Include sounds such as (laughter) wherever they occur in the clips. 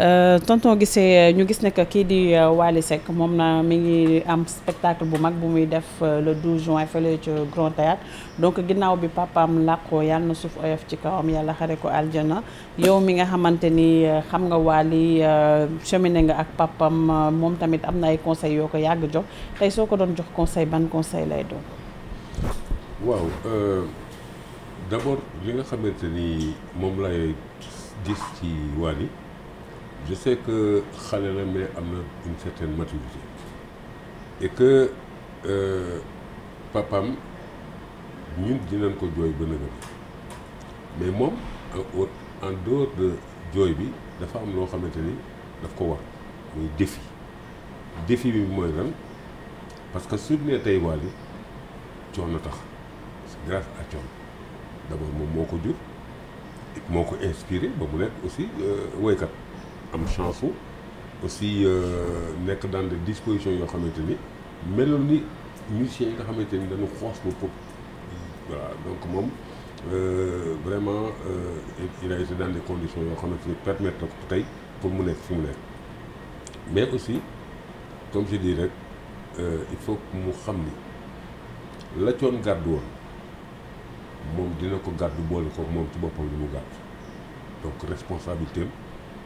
Euh, tonton gisee ñu gis ne que kii di euh, Wally Seck moom na mi ngi am spectacle bu mag bu muy def euh, le 12 juin fële ci Grand Théâtre donc ginnaaw bi papaam làqoo yàlla na suuf oyof ci kawam yàlla xare ko aljana yow mi nga xamante ni xam nga Wally cheminé nga ak papam moom tamit am na ay conseils yoo ko yàgg jox tey soo ko doon jox conseil ban conseil lay doon waaw d'abord li nga xamante ni moom lay gis ci Wally je sais que xale la mais une certaine maturité et que euh, papam ñun dinañ ko Joy ba nëgëm mais moom en en dehors de Joy, bi dafa am loo xamante ni daf ko war muy défi défi bi mooy lan parce que su ne tey Wally coono tax c'est grâce à coono d'abord moom moo ko jur moo ko inspiré ba mu nekk aussi euh, woykat am chance aussi euh, nek dans des dispositions yo xamante ni meloon ni musiciens yi nga xamante ni dañu xoos bu pop voilà donc mom euh, vraiment euh, il a été dans des conditions yo xamante ni permettre na ko pour mu nek fi mu mais aussi comme je dis rek euh, il faut que mu xam ni la coon gàddu woon moom dina ko gàddu boole ko mom ci bopam li mu gàddu donc responsabilité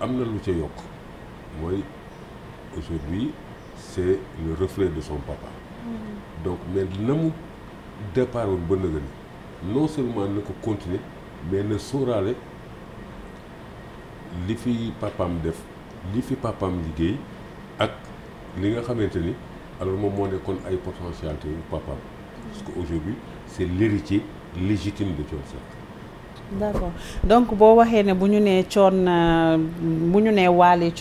amna lu ci yok moy aujourd'hui c'est le reflet de son papa mm. donc mais na départ woon ba non seulement ne ko continuer mais ne sóoraale li fi déf, def li fi me liggéey ak li nga xamante ni alors moom moo nekkoon ay potentialité yu papa parce que aujourd'hui c'est l'héritier légitime de Thione Seck D'accord, donc si waxee ne bu ñu nee coon euh, bu ñu nee waali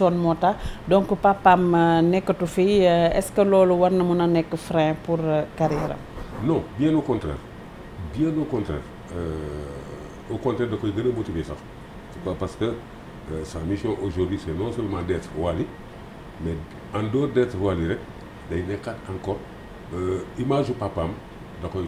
donc papam est ce que loolu war na frein pour euh, carrière non bien au contraire bien au contraire euh, au contraire il koy le motiver parce que euh, sa mission aujourd'hui c'est non seulement d'être wali, mais en dehors d'être wali, rek day a encore euh, image papam da koy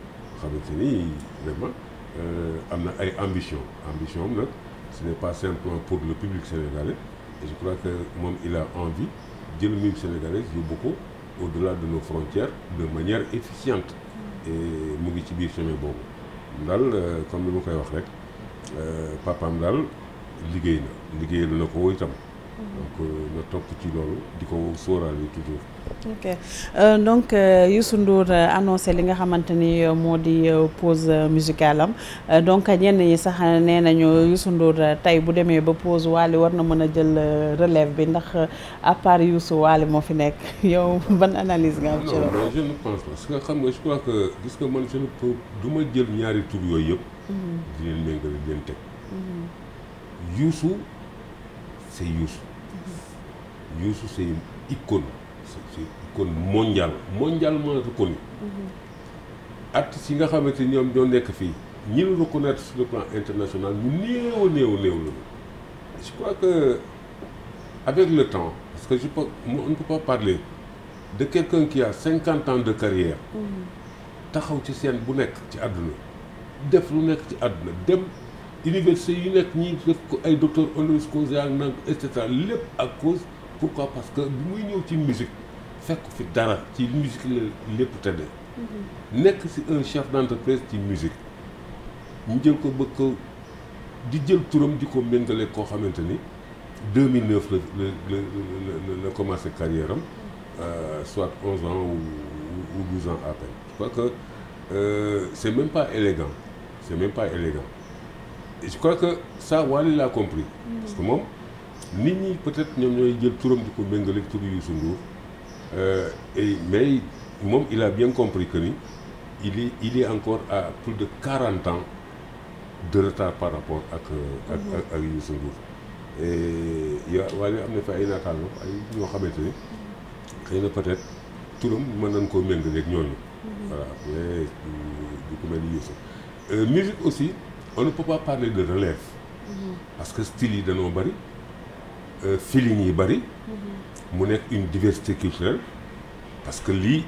xamante vraiment euh, na ay ambition ambition là, ce n'est pas simplement pour le public sénégalais et je crois que moom il a envie le public sénégalais yóbbu beaucoup au-delà de nos frontières de manière efficiente et mu ngi ci biir chemin boobu daal euh, comme ni ma koy wax rek euh, papaam daal liggéey na liggéeyal na itam donc euh, na topp ci loolu di ko sóoraale toujours. ok euh, donc euh, Youssou Ndour euh, annoncé li nga xamanteni ni pause musicale euh, donc ñenn ñi sax nee nañu Youssou Ndour tay bu démé ba pause Wally war na mën jël relève bi ndax à part Youssou Wally mo fi nek (laughs) yow ban analyse nga am ci loolu. non je ne pense pas parce que xam je crois que gis nga man je ne peux du jël ñaari tur yooyu yëpp. Mhm. di len méngale di leen teg. Mhm. Youssou c'est Youssou. Mmh. Youssou c'est une icône c'est une icône mondiale mondialement reconnue mmh. artistes yi nga xamante ni ñoom ñoo nekk fii ñi reconnaître sur le plan international ni néew néo néo je crois que avec le temps parce que je peux on ne peut pas parler de quelqu'un qui a 50 ans de carrière mmh. taxaw ci seen bu nekk ci l'eau, def lu nekk ci de l'eau, université yu nekk ñi docteur honoris causa et cause pourquoi parce que musique fekk ci musique mhm. un chef d'entreprise musique ko di jël ko 2009 le la carrière mhm. euh, soit 11 ans ou 12 ans à peine je crois que euh, c'est même pas élégant c'est même pas élégant je crois que ça Wally l'a compris parce que moom ni ni peut-être ñoom ñooy jël turam di ko méngaleeg turu Youssou Ndour euh, et mais moom il a bien compris que ni il est il est encore à plus de quarante ans de retard par rapport à à mhm. ak ak Youssou Ndour et yow Wally am na fa ay naataango ay ñoo xamante ni xëy peut-être le monde nañ koo méngaleeg ñooñu mhm. voilà mais du ko mel ni Youssou euh, musique aussi on ne peut pas parler de relève. Mhm. parce que style yi bari, euh, feeling yi bëri. Mhm. mu nekk une diversité culturelle parce que li,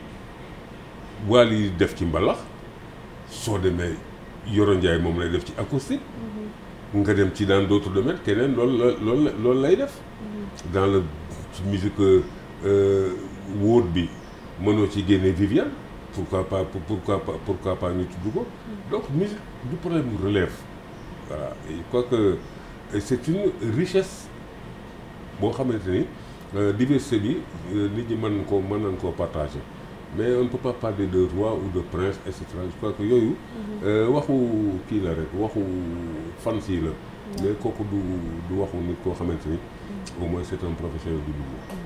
waa def ci mbalax soo demee Yoro Ndiaye mom lay def ci acoustique. Mhm. nga dem ci dans d'autres domaines keneen loolu l'ol l'ol l'ol loolu lay def. dans la musique euh, wóor bi mënoo ci génne Viviane pourquoi pas, pourquoi pas, pourquoi pas Nitoudougou. Mm. Donc, musique du problème relève. Voilà. Et quoi que c'est une richesse. Bon, euh, diversité bi dis euh, ñi mën ko mën nañ partager mais on ne peut pas parler de roi ou de prince et cetera je crois que yooyu mm-hmm. euh, waxu kii la rek waxu fans là, mm. mais kooku du du waxu nit koo xamante ni mm. au moins c'est un professionnel du